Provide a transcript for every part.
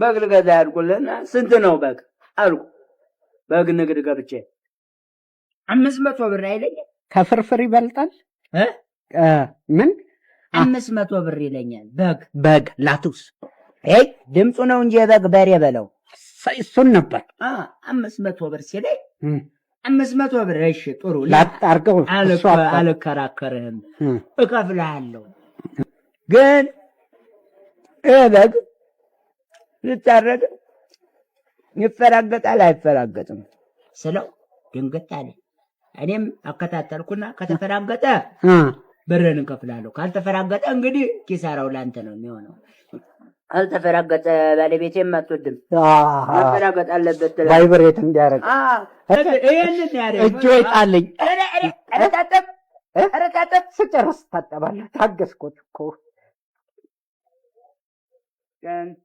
በግ ልገዛ ያልኩልና ስንት ነው በግ አልኩ። በግ ንግድ ገብቼ አምስት መቶ ብር አይለኛል። ከፍርፍር ይበልጣል። ምን አምስት መቶ ብር ይለኛል። በግ በግ ላቱስ ይ ድምፁ ነው እንጂ የበግ በሬ በለው እሱን ነበር። አምስት መቶ ብር ሲለኝ አምስት መቶ ብር እሺ፣ ጥሩ አልከራከርህም፣ እከፍልሃለሁ ግን ይህ በግ ይታረድ ይፈራገጣል አይፈራገጥም ስለው ድንገት አለ። እኔም አከታተልኩና ከተፈራገጠ ብርን እንከፍላለሁ፣ ካልተፈራገጠ እንግዲህ ኪሳራው ላንተ ነው የሚሆነው። ካልተፈራገጠ ባለቤቴ አትወድም፣ መፈራገጥ አለበት። ባይብሬት እንዲያደርግ ይህንን ያደርግ እጅ ወይጣልኝ ረታጠብ ስጨርስ ታጠባለህ። ታገስኮት እኮ ቀንስ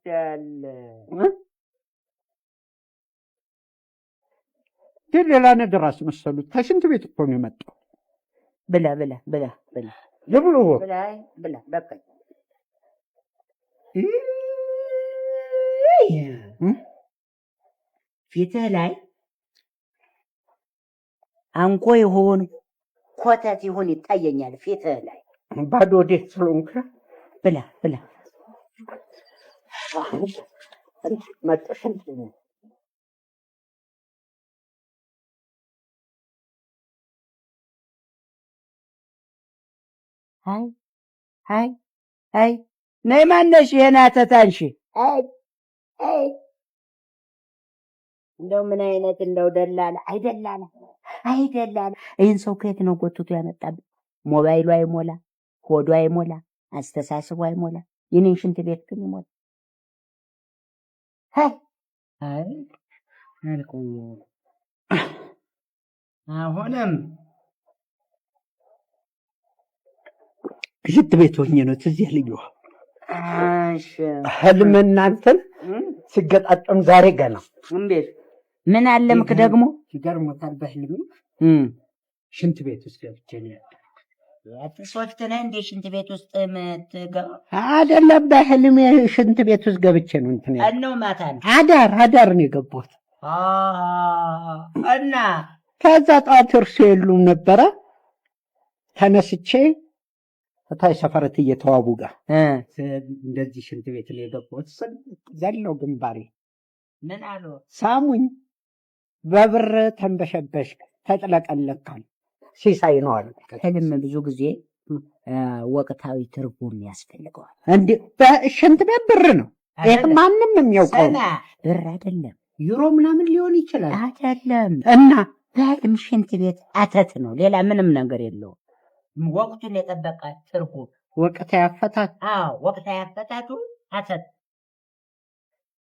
ግን ሌላ ነገር አስመሰሉት። ከሽንት ቤት እኮ ነው የመጣው። ብላ ብላ ብላ ብላ ዝብሉ ብላ ብላ በቃኝ። ፊትህ ላይ አንቆ ይሁን ኮተት ይሁን ይታየኛል። ፊትህ ላይ ባዶ ዴት ስለሆንክ ብላ ብላ መጡ አይ አይ አይ ነይ ማነሽ ይሄን አተታንሽ እንደው ምን አይነት እንደው ደላላ አይደላላ አይደላላ ይህን ሰው ከየት ነው ጎትቶ ያመጣብኝ? ሞባይሉ አይሞላ፣ ሆዱ አይሞላ፣ አስተሳሰቡ አይሞላ። የኔን ሽንት ቤት ግን ይሞላ። አይ አልቆየሁም። አሁንም ሽንት ቤት ሆኜ ነው ትዝ ያለኝ። ህልም እናንተን ሲገጣጠም ዛሬ ገና ምን አለምክ ደግሞ ይገርሞታል። በህልም ሽንት ቤት ውስጥ ገብቼ ነው ያለ እንደ ሽንት ቤት ውስጥ የምትገባ አይደለም። በህልሜ ሽንት ቤት ውስጥ ገብቼ ነው እንትን ነው። ማታ ነው አዳር አዳር ነው የገባሁት እና ከዛ ጠዋት የሉም ነበረ። ተነስቼ እታች ሰፈረት እየተዋቡ ጋር እንደዚህ ሽንት ቤት ነው የገባሁት። ዘለው ግንባሬ ምን አሉ ሳሙኝ። በብር ተንበሸበሽ ተጥለቀለካል ሲሳይ ነው አሉ። ህልም ብዙ ጊዜ ወቅታዊ ትርጉም ያስፈልገዋል። እንዲ በሽንት ቤት ብር ነው ይህ ማንም የሚያውቀው ብር አይደለም፣ ዩሮ ምናምን ሊሆን ይችላል አይደለም። እና በህልም ሽንት ቤት አተት ነው፣ ሌላ ምንም ነገር የለውም። ወቅቱን የጠበቀ ትርጉም ወቅታዊ አፈታት ወቅታዊ አፈታቱ አተት